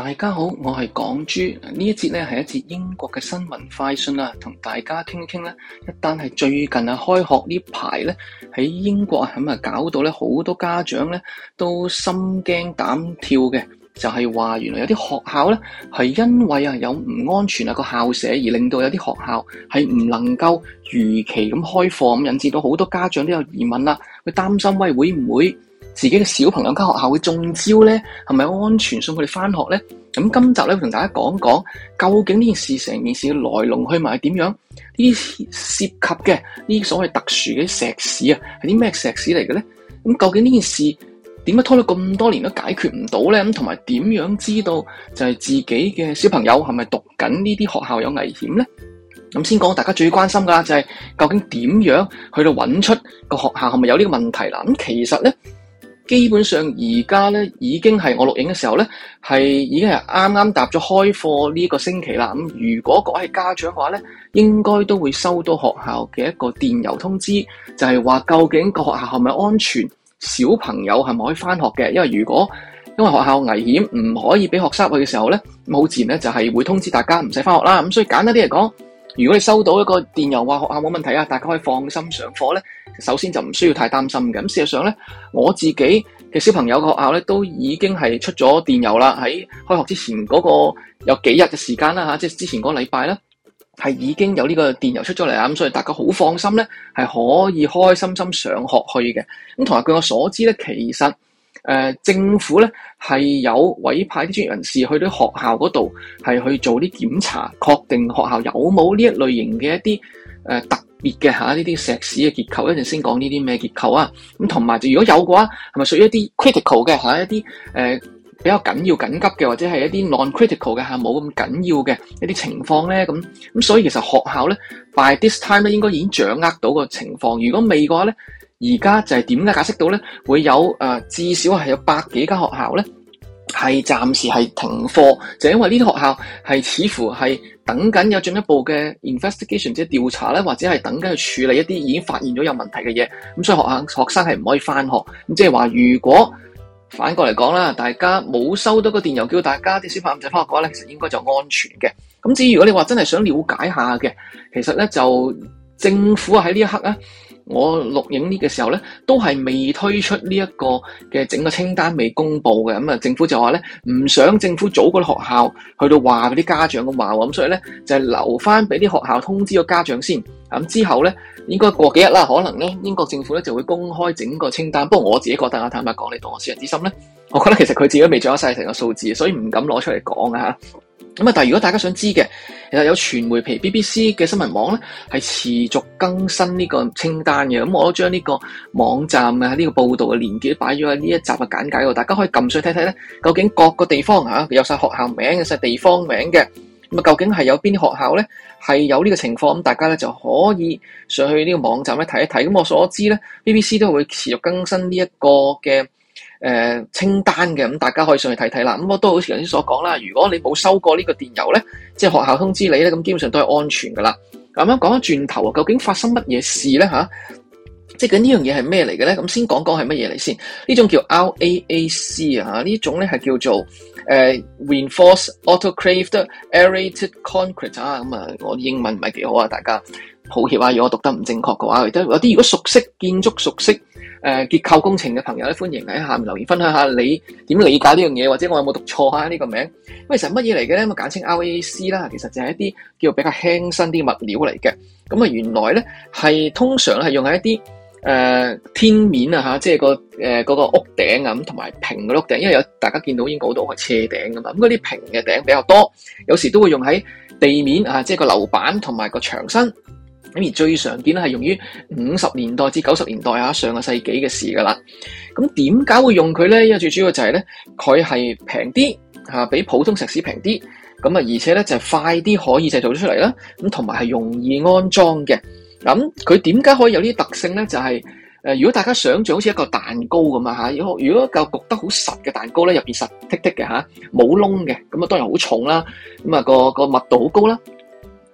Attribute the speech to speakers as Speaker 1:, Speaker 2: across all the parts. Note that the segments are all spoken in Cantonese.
Speaker 1: 大家好，我係港豬這一節呢，是一節咧，係一節英國嘅新聞快訊啊，同大家傾一傾咧一單係最近啊開學呢排咧喺英國咁啊搞到咧好多家長咧都心驚膽跳嘅，就係、是、話原來有啲學校咧係因為啊有唔安全啊個校舍而令到有啲學校係唔能夠如期咁開課，咁引致到好多家長都有疑問啦，佢擔心喂會唔會？自己嘅小朋友間學校會中招咧，係咪安全送佢哋返學咧？咁今集咧會同大家講講，究竟呢件事成件事嘅來龍去脈係點樣？呢啲涉及嘅呢啲所謂特殊嘅石屎啊，係啲咩石屎嚟嘅咧？咁究竟呢件事點解拖咗咁多年都解決唔到咧？咁同埋點樣知道就係自己嘅小朋友係咪讀緊呢啲學校有危險咧？咁先講大家最關心㗎喇，就係，就係究竟點樣去到揾出個學校係咪有呢個問題啦？咁其實咧。基本上而家咧，已經係我錄影嘅時候咧，係已經係啱啱搭咗開課呢個星期啦。咁如果各位家長嘅話咧，應該都會收到學校嘅一個電郵通知，就係話究竟個學校係咪安全，小朋友係咪可以翻學嘅。因為如果因為學校危險，唔可以俾學生去嘅時候咧，好自然咧就係會通知大家唔使翻學啦。咁所以簡單啲嚟講。如果你收到一個電郵，話學校冇問題啊，大家可以放心上課呢。首先就唔需要太擔心嘅。咁事實上呢，我自己嘅小朋友嘅學校呢，都已經係出咗電郵啦。喺開學之前嗰個有幾日嘅時間啦嚇，即係之前嗰個禮拜呢，係已經有呢個電郵出咗嚟啊。咁所以大家好放心呢，係可以開開心心上學去嘅。咁同埋據我所知呢，其實。誒、呃、政府咧係有委派啲專業人士去到學校嗰度係去做啲檢查，確定學校有冇呢一類型嘅一啲、呃、特別嘅嚇呢啲石屎嘅結構，一陣先講呢啲咩結構啊。咁同埋就如果有嘅話，係咪屬於一啲 critical 嘅嚇一啲誒、呃、比較緊要緊急嘅，或者係一啲 non-critical 嘅冇咁緊要嘅一啲情況咧？咁咁所以其實學校咧 ，by this time 咧應該已經掌握到個情況。如果未嘅話咧。而家就係點解解釋到咧會有誒、呃、至少係有百幾間學校咧係暫時係停課，就是、因為呢啲學校係似乎係等緊有進一步嘅 investigation 即係調查咧，或者係等緊去處理一啲已經發現咗有問題嘅嘢。咁所以學校學生係唔可以翻學。咁即係話如果反過嚟講啦，大家冇收到個電郵叫大家啲小朋友唔使翻學嘅話咧，其實應該就安全嘅。咁至於如果你話真係想了解一下嘅，其實咧就政府喺呢一刻咧。我錄影呢個時候咧，都係未推出呢一個嘅整個清單未公布嘅，咁啊政府就話咧唔想政府早嗰啲學校去到話俾啲家長咁鬧，咁所以咧就係留翻俾啲學校通知個家長先，咁之後咧應該過幾日啦，可能咧英國政府咧就會公開整個清單，不過我自己覺得啊坦白講，你當我私人之心咧，我覺得其實佢自己都未掌握晒成個數字，所以唔敢攞出嚟講啊。咁啊！但係如果大家想知嘅，其實有傳媒皮 BBC 嘅新聞網咧，係持續更新呢個清單嘅。咁我都將呢個網站啊、呢個報道嘅連結擺咗喺呢一集嘅簡介度，大家可以撳上去睇睇咧。究竟各個地方嚇有晒學校名、有晒地方名嘅，咁啊究竟係有邊啲學校咧係有呢個情況？咁大家咧就可以上去呢個網站咧睇一睇。咁我所知咧，BBC 都會持續更新呢一個嘅。誒、呃、清單嘅咁、嗯，大家可以上去睇睇啦。咁、嗯、我都好似頭先所講啦，如果你冇收過呢個電郵咧，即係學校通知你咧，咁、嗯、基本上都係安全噶啦。咁樣講翻轉頭啊，究竟發生乜嘢事咧吓、啊，即係緊呢樣嘢係咩嚟嘅咧？咁先講講係乜嘢嚟先？呢種叫 RAAC 啊，種呢種咧係叫做、呃、Reinforced Autoclaved Aerated Concrete 啊。咁、嗯、啊，我英文唔係幾好啊，大家抱歉啊。如果讀得唔正確嘅話，有啲如果熟悉建築熟悉。誒結構工程嘅朋友咧，歡迎喺下面留言分享下你點理解呢樣嘢，或者我有冇讀錯啊？呢個名，咁其實乜嘢嚟嘅咧？咁簡稱 RAAC 啦，其實，RAAC，其實就係一啲叫做比較輕身啲物料嚟嘅。咁啊，原來咧係通常係用喺一啲誒、呃、天面啊即係，就是那個嗰、那個、屋頂啊咁，同埋平嘅屋頂，因為有大家見到已經好多係斜頂噶嘛。咁嗰啲平嘅頂比較多，有時都會用喺地面啊，即、就、係、是、個樓板同埋個牆身。咁而最常見咧係用於五十年代至九十年代啊上個世紀嘅事噶啦。咁點解會用佢咧？因為最主要就係咧，佢係平啲嚇，比普通石屎平啲。咁啊，而且咧就快啲可以製造咗出嚟啦。咁同埋係容易安裝嘅。咁佢點解可以有呢啲特性咧？就係誒，如果大家想像好似一個蛋糕咁啊嚇，如果如果一嚿焗得好實嘅蛋糕咧，入邊實剔剔嘅嚇，冇窿嘅，咁啊當然好重啦。咁啊個個密度好高啦。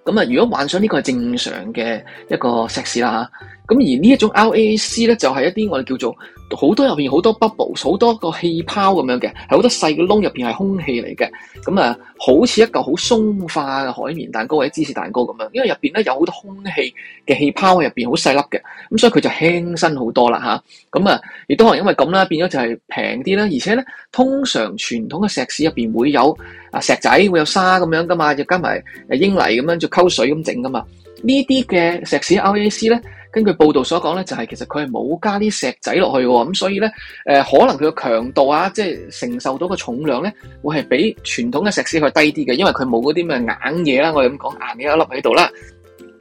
Speaker 1: 咁啊！如果幻想呢個係正常嘅一個石屎啦吓。咁而呢一種 RAAC 咧，就係一啲我哋叫做好多入面好多 bubble，好多個氣泡咁樣嘅，係好多細嘅窿入面係空氣嚟嘅。咁啊，好似一嚿好鬆化嘅海綿蛋糕或者芝士蛋糕咁樣，因為入面咧有好多空氣嘅氣泡入面好細粒嘅，咁所以佢就輕身好多啦吓，咁啊，亦都可能因為咁啦，變咗就係平啲啦，而且咧通常傳統嘅石屎入面會有啊石仔會有沙咁樣噶嘛，又加埋誒英泥咁樣就溝水咁整噶嘛。呢啲嘅石屎 RAAC 咧，根據報道所講咧，就係、是、其實佢係冇加啲石仔落去喎，咁所以咧、呃，可能佢個強度啊，即係承受到個重量咧，會係比傳統嘅石屎佢低啲嘅，因為佢冇嗰啲咩硬嘢啦，我哋咁講硬嘢一粒喺度啦。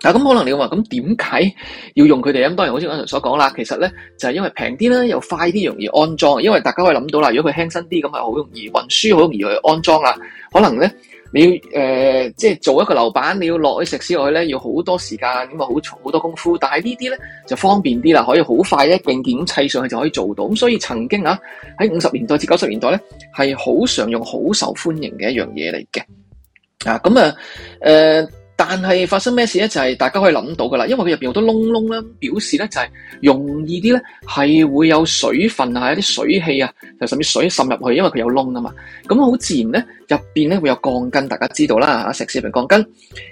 Speaker 1: 咁、啊、可能你話咁點解要用佢哋咧？咁當然好似我啱啱所講啦，其實咧就係、是、因為平啲啦，又快啲，容易安裝。因為大家可以諗到啦，如果佢輕身啲咁啊，好容易運輸，好容易去安裝啦。可能咧。你要誒、呃，即係做一個樓板，你要落去石屎落去咧，要好多時間，咁啊，好好多功夫。但係呢啲咧就方便啲啦，可以好快一件件砌上去就可以做到。咁所以曾經啊，喺五十年代至九十年代咧，係好常用、好受歡迎嘅一樣嘢嚟嘅。啊，咁啊，呃但係發生咩事咧？就係、是、大家可以諗到噶啦，因為佢入邊好多窿窿啦，表示咧就係容易啲咧，係會有水分啊，啲水氣啊，就甚至水滲入去，因為佢有窿啊嘛。咁好自然咧，入邊咧會有鋼筋，大家知道啦，吓石屎入邊鋼筋。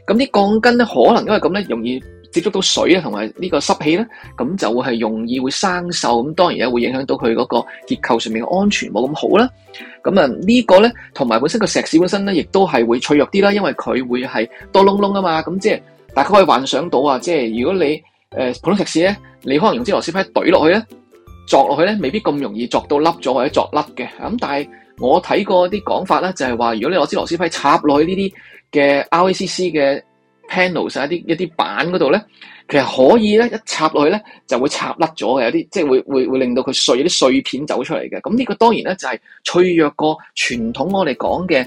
Speaker 1: 咁啲鋼筋咧，可能因為咁咧，容易接觸到水咧，同埋呢個濕氣咧，咁就會係容易會生鏽，咁當然咧會影響到佢嗰個結構上面嘅安全冇咁好啦。咁啊，呢個咧同埋本身個石屎本身咧，亦都係會脆弱啲啦，因為佢會係多窿窿啊嘛。咁即係大家可以幻想到啊，即係如果你誒普通石屎咧，你可能用支螺絲批懟落去咧，鑿落去咧，未必咁容易鑿到凹咗或者鑿凹嘅。咁但係我睇過啲講法咧，就係話如果你攞支螺絲批插落去呢啲嘅 RAAC 嘅。panel 曬一啲一啲板嗰度咧，其實可以咧一插落去咧，就會插甩咗嘅，有啲即係會會會令到佢碎啲碎片走出嚟嘅。咁、嗯、呢、呢個當然咧就係脆弱過傳統我哋講嘅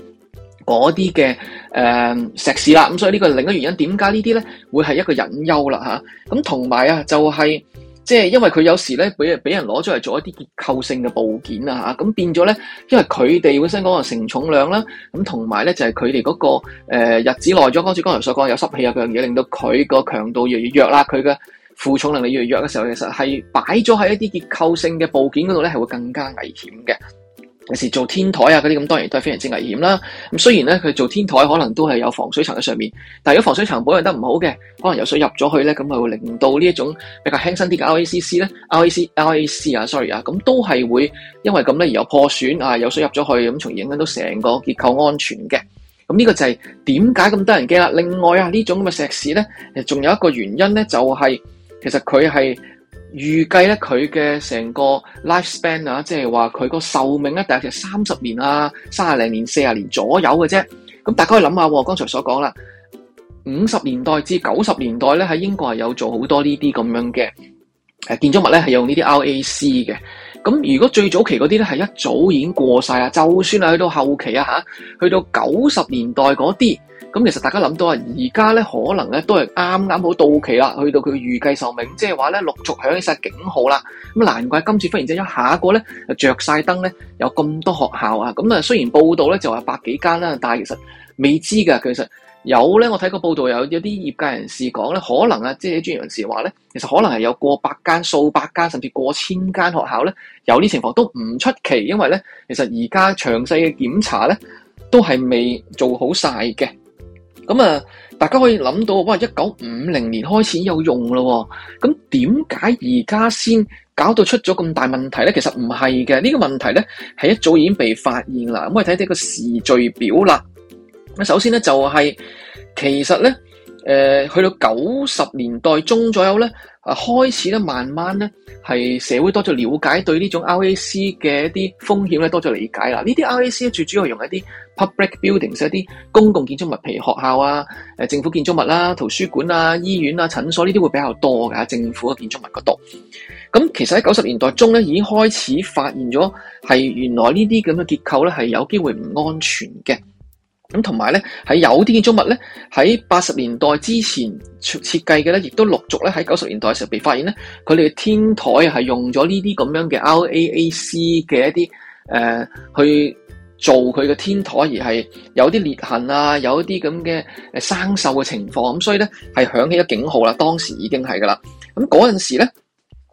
Speaker 1: 嗰啲嘅誒石屎啦。咁所以呢個另一個原因點解呢啲咧會係一個隱憂啦吓，咁同埋啊就係、係。即係因為佢有時咧，俾俾人攞咗嚟做一啲結構性嘅部件啊，咁變咗咧，因為佢哋本身嗰個承重量啦，咁同埋咧就係佢哋嗰個、呃、日子耐咗，好似剛才所講有濕氣啊樣嘢，令到佢個強度越嚟越弱啦，佢嘅負重能力越嚟越弱嘅時候，其實係擺咗喺一啲結構性嘅部件嗰度咧，係會更加危險嘅。有時做天台啊嗰啲咁，當然都係非常之危險啦。咁雖然咧，佢做天台可能都係有防水層喺上面，但係如果防水層保養得唔好嘅，可能有水入咗去咧，咁係會令到呢一種比較輕身啲嘅 R A C C 咧，R A C R A C 啊，sorry 啊，咁都係會因為咁咧而有破損啊，有水入咗去咁，從而影響到成個結構安全嘅。咁呢個就係點解咁多人驚啦。另外啊，種呢種咁嘅石屎咧，誒仲有一個原因咧，就是，就係其實佢係。預計咧佢嘅成個 life span 啊，即係話佢個壽命咧，大概係三十年啊，三十零年、四十年左右嘅啫。咁大家可以諗下，剛才所講啦，五十年代至九十年代咧，喺英國係有做好多呢啲咁樣嘅建築物咧，係用呢啲 R A C 嘅。咁如果最早期嗰啲咧係一早已經過晒啊，就算係去到後期啊吓，去到九十年代嗰啲。咁其實大家諗到啊，而家咧可能咧都係啱啱好到期啦，去到佢預計壽命，即係話咧陸續響起晒警號啦。咁難怪今次忽然之間下，下個咧就着晒燈咧，有咁多學校啊。咁啊，雖然報道咧就話百幾間啦，但係其實未知㗎。其實有咧，我睇個報道有有啲業界人士講咧，可能啊，即係專業人士話咧，其實可能係有過百間、數百間甚至過千間學校咧，有啲情況都唔出奇，因為咧，其實而家詳細嘅檢查咧都係未做好晒嘅。咁啊，大家可以諗到，哇！一九五零年開始有用咯喎，咁點解而家先搞到出咗咁大問題咧？其實唔係嘅，呢個問題咧係一早已經被發現啦。咁我哋睇睇個時序表啦。咁首先咧就係其實咧，呃，去到九十年代中左右咧。啊，開始咧，慢慢咧，係社會多咗了解對呢種 R A A C 嘅一啲風險咧，多咗理解啦。呢啲 R A A C 最主要用一啲 public buildings，一啲公共建築物，譬如學校啊、政府建築物啦、啊、圖書館啊、醫院啊、診所呢啲會比較多㗎。政府嘅建築物嗰度。咁其實喺九十年代中咧，已經開始發現咗係原來呢啲咁嘅結構咧係有機會唔安全嘅。咁同埋咧，喺有啲建築物咧，喺八十年代之前設計嘅咧，亦都陸續咧喺九十年代嘅時候被發現咧，佢哋嘅天台係用咗呢啲咁樣嘅 RAAC 嘅一啲誒、呃、去做佢嘅天台，而係有啲裂痕啊，有一啲咁嘅生鏽嘅情況，咁所以咧係響起咗警號啦。當時已經係噶啦，咁嗰陣時咧。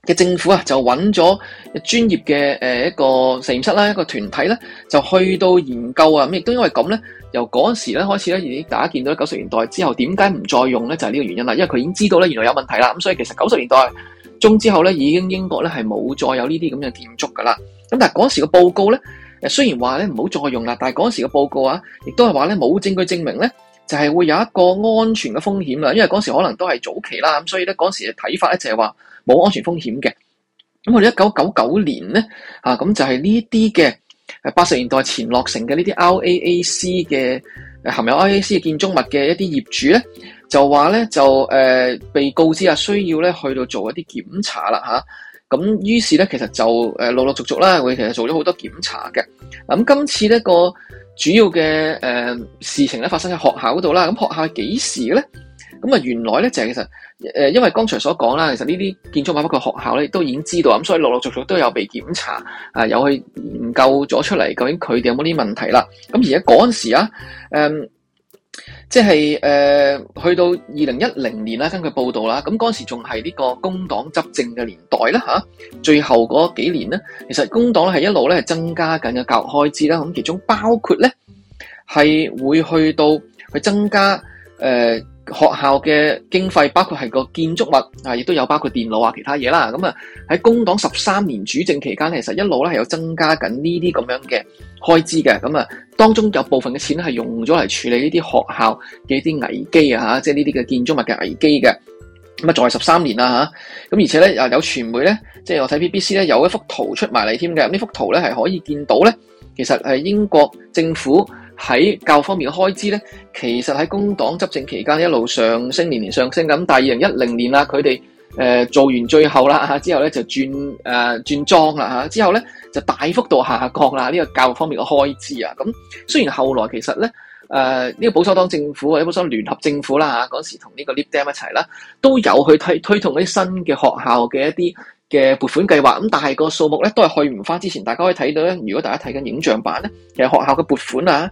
Speaker 1: 嘅政府啊，就揾咗專業嘅誒一個實驗室啦，一個團體咧，就去到研究啊。咁亦都因為咁咧，由嗰陣時咧開始咧，而大家見到九十年代之後點解唔再用咧，就係呢個原因啦。因為佢已經知道咧，原來有問題啦。咁所以其實九十年代中之後咧，已經英國咧係冇再有呢啲咁嘅建築噶啦。咁但係嗰陣時嘅報告咧，誒雖然話咧唔好再用啦，但係嗰陣時嘅報告啊，亦都係話咧冇證據證明咧就係會有一個安全嘅風險啦。因為嗰陣時可能都係早期啦，咁所以咧嗰陣時嘅睇法咧就係話，冇安全風險嘅，咁我哋一九九九年咧，咁就係呢啲嘅八十年代前落成嘅呢啲 RAAC 嘅，誒含有 RAAC 嘅建築物嘅一啲業主咧，就話咧就誒、呃、被告知啊，需要咧去到做一啲檢查啦，咁於是咧其實就陸陸續續啦，我哋其實做咗好多檢查嘅，咁今次呢個主要嘅誒、呃、事情咧發生喺學校度啦，咁學校係幾時咧？咁啊，原來咧就係、是、其實誒，因為剛才所講啦，其實呢啲建築物包括學校咧，都已經知道，咁所以陸陸續續都有被檢查啊，有去研究咗出嚟，究竟佢哋有冇啲問題啦。咁而家嗰陣時啊，誒、嗯，即係誒、呃，去到二零一零年啦，根據報導啦，咁嗰陣時仲係呢個工黨執政嘅年代啦、啊，最後嗰幾年咧，其實工黨咧係一路咧係增加緊嘅教育開支啦，咁其中包括咧係會去到去增加誒。呃學校嘅經費包括係個建築物啊，亦都有包括電腦啊，其他嘢啦。咁啊喺工黨十三年主政期間，其實一路咧係有增加緊呢啲咁樣嘅開支嘅。咁啊當中有部分嘅錢係用咗嚟處理呢啲學校嘅一啲危機啊，吓即係呢啲嘅建築物嘅危機嘅。咁啊再係十三年啦吓，咁而且咧啊有傳媒咧，即係我睇 BBC 咧有一幅圖出埋嚟添嘅。呢幅圖咧係可以見到咧，其實係英國政府。喺教育方面嘅開支咧，其實喺工黨執政期間一路上升，年年上升咁。但係二零一零年啦，佢哋誒做完最後啦，之後咧就轉誒、呃、轉莊啦嚇，之後咧就大幅度下降啦呢、這個教育方面嘅開支啊。咁雖然後來其實咧誒呢、呃這個保守黨政府或者保守聯合政府啦嚇，嗰、啊、時同呢個 Lib Dem 一齊啦，都有去推推動一啲新嘅學校嘅一啲。嘅撥款計劃咁，但係個數目咧都係去唔返之前，大家可以睇到咧。如果大家睇緊影像版咧，其實學校嘅撥款啊，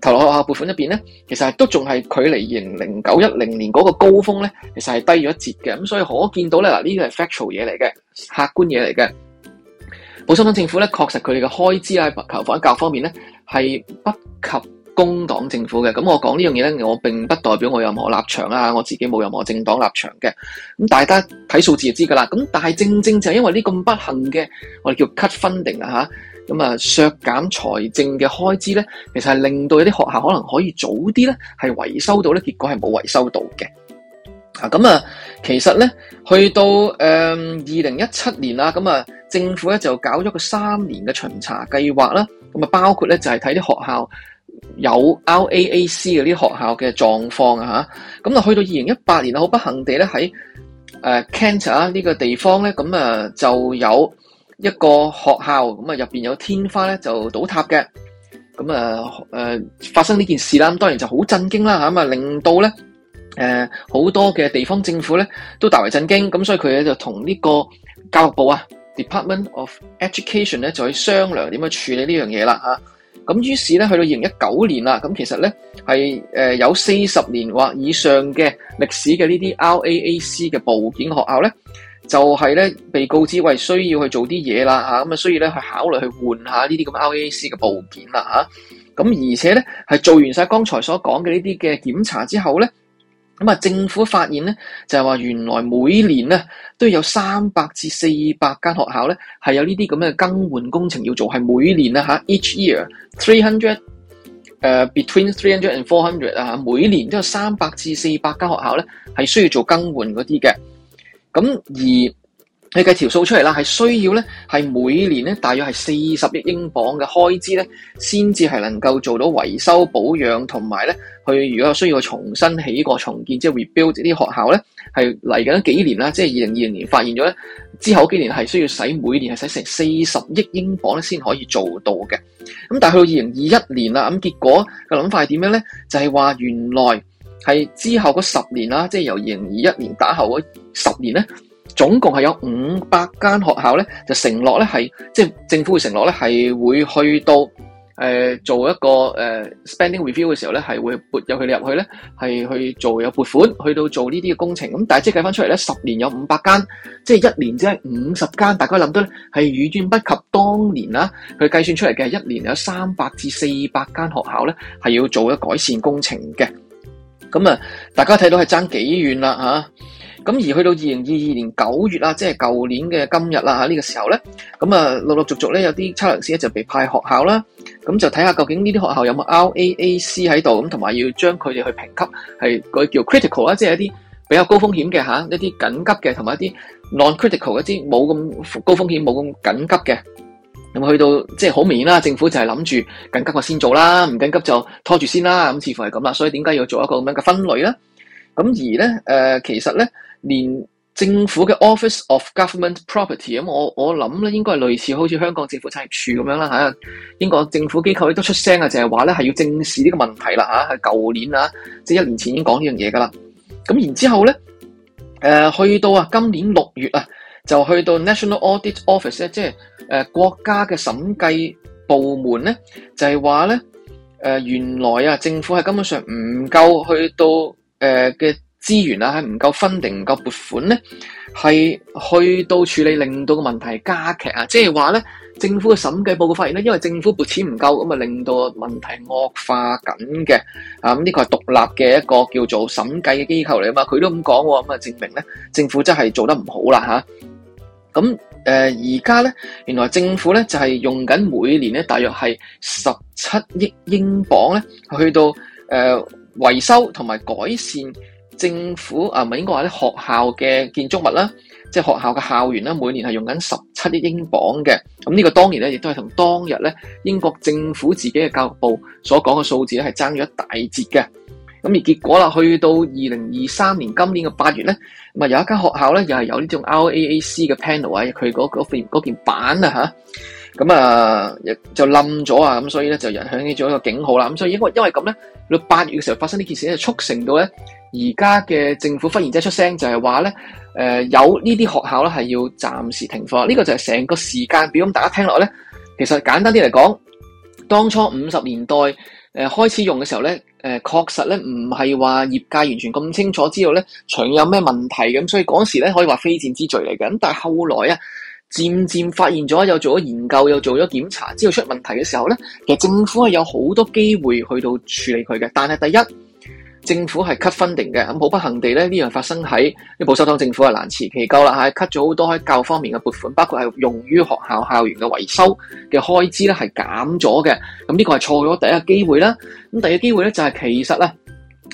Speaker 1: 投落學校撥款入邊咧，其實都仲係距離二零零九一零年嗰個高峰咧，其實係低咗一截嘅。咁所以可見到咧，嗱呢個係 factual 嘢嚟嘅，客觀嘢嚟嘅。保守黨政府咧，確實佢哋嘅開支啊、求房價方面咧，係不及。工黨政府嘅，咁我講呢樣嘢咧，我並不代表我有任何立場啊，我自己冇任何政黨立場嘅。咁大家睇數字就知噶啦。咁但係正正就係因為呢咁不幸嘅，我哋叫 cut funding 啊吓，咁啊削減財政嘅開支咧，其實係令到有啲學校可能可以早啲咧係維修到咧，結果係冇維修到嘅。啊咁啊，其實咧去到誒二零一七年啦，咁啊政府咧就搞咗個三年嘅巡查計劃啦，咁啊包括咧就係睇啲學校。有 RAAC 嘅啲學校嘅狀況啊，吓咁啊，去到二零一八年，好不幸地咧喺誒 Kent 啊呢個地方咧，咁啊就有一個學校咁啊入邊有天花咧就倒塌嘅，咁啊誒發生呢件事啦，咁當然就好震驚啦，吓咁啊令到咧誒好多嘅地方政府咧都大為震驚，咁所以佢咧就同呢個教育部啊 Department of Education 咧就去商量點樣處理呢樣嘢啦，吓。咁於是咧，去到二零一九年啦，咁其實咧係誒有四十年或以上嘅歷史嘅呢啲 RAAC 嘅部件學校咧，就係、是、咧被告知喂需要去做啲嘢啦嚇，咁啊需要咧去考慮去換下呢啲咁 RAAC 嘅部件啦嚇，咁、啊、而且咧係做完晒剛才所講嘅呢啲嘅檢查之後咧。咁啊，政府發現咧，就係話原來每年咧都有三百至四百間學校咧係有呢啲咁嘅更換工程要做，係每年啊吓 each year three hundred，誒 between three hundred and four hundred 啊嚇，每年都有三百至四百間學校咧係需要做更換嗰啲嘅，咁而。你計條數出嚟啦，係需要咧，係每年咧，大約係四十億英鎊嘅開支咧，先至係能夠做到維修保養同埋咧，佢如果需要重新起過重建，即係 rebuild 啲學校咧，係嚟緊幾年啦？即係二零二零年發現咗之後幾年係需要使每年係使成四十億英鎊咧，先可以做到嘅。咁但係去到二零二一年啦，咁結果個諗法係點樣咧？就係話，原來係之後嗰十年啦，即係由二零二一年打後嗰十年咧。總共係有五百間學校咧，就承諾咧係，即係政府嘅承諾咧係會去到誒做一個誒 spending review 嘅時候咧，係會撥入佢哋入去咧，係去做有撥款去到做呢啲嘅工程。咁但係即係計翻出嚟咧，十年有五百間，即係一年即係五十間。大家諗到咧係遠遠不及當年啦。佢計算出嚟嘅一年有三百至四百間學校咧，係要做一改善工程嘅。咁啊，大家睇到係爭幾遠啦吓。咁而去到二零二二年九月啦，即係舊年嘅今日啦，嚇、這、呢個時候咧，咁啊陸陸續續咧有啲測量師咧就被派學校啦，咁就睇下究竟呢啲學校有冇 RAAC 喺度，咁同埋要將佢哋去評級，係佢叫 critical 啦，即係一啲比較高風險嘅吓，一啲緊急嘅同埋一啲 non-critical 一啲冇咁高風險冇咁緊急嘅，咁去到即係好明顯啦，政府就係諗住緊急嘅先做啦，唔緊急就拖住先啦，咁似乎係咁啦，所以點解要做一個咁樣嘅分類咧？咁而咧、呃，其實咧。連政府嘅 Office of Government Property，咁我我諗咧，應該係類似好似香港政府產業署咁樣啦吓、啊。英國政府機構亦都出聲啊，就係話咧係要正視呢個問題啦吓。係舊年啊，即係、就是、一年前已經講呢樣嘢噶啦。咁然之後咧，誒去到啊今年六月啊，就去到 National Audit Office 咧、啊，即係誒、呃、國家嘅審計部門咧，就係話咧，誒、呃、原來啊政府係根本上唔夠去到誒嘅。呃資源啊，係唔夠分定唔夠撥款咧，係去到處理，令到個問題加劇啊。即係話咧，政府嘅審計報告發現咧，因為政府撥錢唔夠，咁啊令到問題惡化緊嘅啊。咁呢個係獨立嘅一個叫做審計嘅機構嚟啊嘛，佢都咁講喎，咁啊證明咧政府真係做得唔好啦嚇。咁誒而家咧，原來政府咧就係、是、用緊每年咧，大約係十七億英鎊咧，去到誒、呃、維修同埋改善。政府啊，唔係應該話啲學校嘅建築物啦，即係學校嘅校園啦，每年係用緊十七億英鎊嘅。咁、這、呢個當然咧，亦都係同當日咧英國政府自己嘅教育部所講嘅數字咧，係爭咗一大截嘅。咁而結果啦，去到二零二三年今年嘅八月咧，咁啊有一間學校咧，又係有呢種 RAAC 嘅 panel 啊，佢嗰件板啊嚇，咁啊就冧咗啊，咁所以咧就引響起咗一個警號啦。咁所以因為因為咁咧。到八月嘅時候發生呢件事咧，促成到咧而家嘅政府忽然之間出聲，就係話咧，誒有呢啲學校咧係要暫時停課，呢個就係成個時間表。咁大家聽落咧，其實簡單啲嚟講，當初五十年代誒開始用嘅時候咧，誒確實咧唔係話業界完全咁清楚知道咧，長有咩問題咁，所以嗰時咧可以話非戰之罪嚟嘅。咁但係後來啊。漸漸發現咗，又做咗研究，又做咗檢查，之後出問題嘅時候咧，其實政府係有好多機會去到處理佢嘅。但係第一，政府係 cut funding 嘅，咁好不幸地咧，呢樣發生喺保守黨政府係難辭其咎啦吓，cut 咗好多喺教育方面嘅撥款，包括係用於學校校園嘅維修嘅開支咧係減咗嘅。咁、這、呢個係錯咗第一個機會啦。咁第二個機會咧就係其實咧。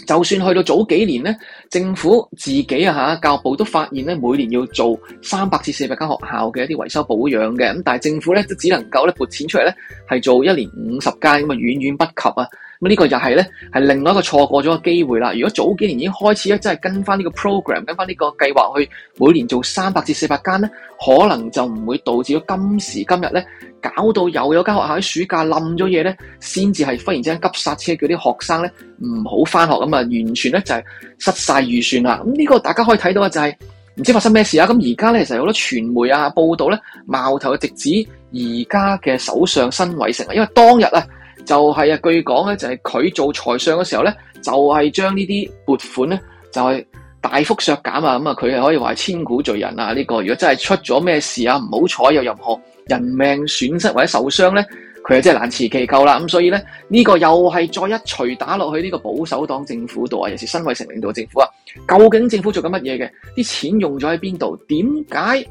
Speaker 1: 就算去到早幾年咧，政府自己啊嚇，教育部都發現咧，每年要做三百至四百間學校嘅一啲維修保養嘅，咁但係政府咧都只能夠咧撥錢出嚟咧，係做一年五十間咁啊，遠遠不及啊！咁、這個、呢個又係咧，係另外一個錯過咗嘅機會啦。如果早幾年已經開始咧，真係跟翻呢個 program，跟翻呢個計劃去每年做三百至四百間咧，可能就唔會導致到今時今日咧，搞到又有間學校喺暑假冧咗嘢咧，先至係忽然之間急剎車，叫啲學生咧唔好翻學咁啊，完全咧就係、是、失晒預算啦。咁、這、呢個大家可以睇到啊、就是，就係唔知發生咩事啊。咁而家咧，其實有好多傳媒啊報道咧，矛頭嘅直指而家嘅首相辛偉誠啊，因為當日啊。就係、是、啊，據講咧就係、是、佢做財相嘅時候咧，就係、是、將呢啲撥款咧就係、是、大幅削減啊，咁啊佢係可以話係千古罪人啊！呢、這個如果真係出咗咩事啊，唔好彩有任何人命損失或者受傷咧，佢係真係難辭其咎啦！咁所以咧呢、這個又係再一錘打落去呢個保守黨政府度啊，尤其是辛偉誠領導政府啊，究竟政府做緊乜嘢嘅？啲錢用咗喺邊度？點解？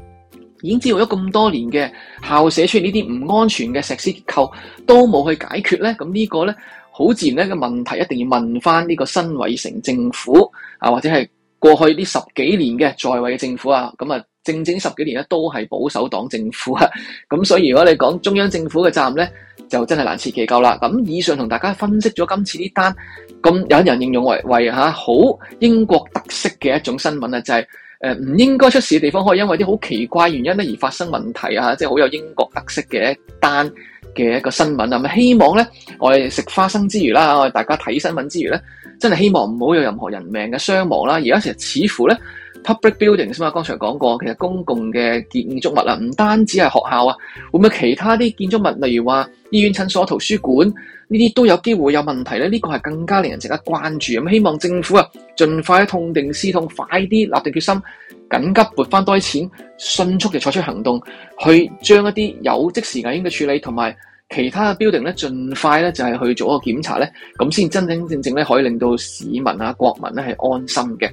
Speaker 1: 已經知道咗咁多年嘅校舍出現呢啲唔安全嘅石屎結構都冇去解決咧，咁呢個咧好自然咧嘅問題，一定要問翻呢個辛偉誠政府啊，或者係過去呢十幾年嘅在位嘅政府啊，咁啊正正十幾年咧都係保守黨政府啊，咁所以如果你講中央政府嘅責任咧，就真係難辭其咎啦。咁以上同大家分析咗今次呢單咁有人形容為為吓好、啊、英國特色嘅一種新聞啊，就係、是。誒、呃，唔應該出事嘅地方，可以因為啲好奇怪原因咧而發生問題啊！即係好有英國特色嘅一單嘅一個新聞啊！希望咧，我哋食花生之餘啦，我哋大家睇新聞之餘咧，真係希望唔好有任何人命嘅傷亡啦！而家其實似乎咧。Public building 先嘛，剛才講過，其實公共嘅建築物啊，唔單止係學校啊，會唔會其他啲建築物，例如話醫院、診所、圖書館呢啲都有機會有問題咧？呢、呢個係更加令人值得關注。咁希望政府啊，盡快痛定思痛，快啲立定決心，緊急撥翻多啲錢，迅速就採取行動，去將一啲有即時危險嘅處理，同埋其他嘅 building 咧，儘快咧就係去做一個檢查咧，咁先真真正正咧可以令到市民啊、國民咧係安心嘅。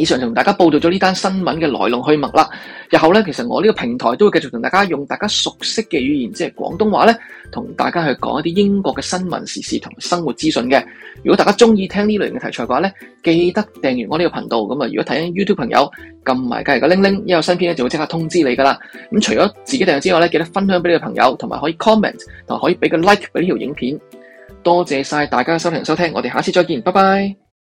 Speaker 1: 以上就同大家報道咗呢單新聞嘅來龍去脈啦。日後呢，其實我呢個平台都會繼續同大家用大家熟悉嘅語言，即係廣東話呢，同大家去講一啲英國嘅新聞時事同生活資訊嘅。如果大家中意聽呢類型嘅題材嘅話呢，記得訂閱我呢個頻道。咁啊，如果睇緊 YouTube 朋友，撳埋隔籬個鈴鈴，一有新片咧就會即刻通知你噶啦。咁除咗自己訂閱之外呢，記得分享俾你嘅朋友，同埋可以 comment，同埋可以俾個 like 俾呢條影片。多謝晒大家收聽收聽，我哋下次再見，拜拜。